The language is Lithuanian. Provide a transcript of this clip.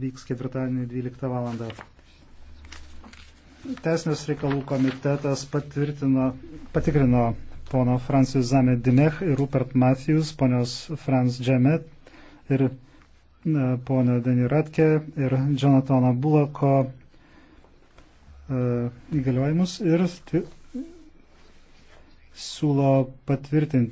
vyks ketvirtadienį 12 val. Tesnės reikalų komitetas patikrino pono Francis Zame Dimech ir Rupert Matthews, ponios Franz Džemet ir e, ponio Denį Ratke ir Jonatano Bulako e, įgaliojimus ir siūlo patvirtinti.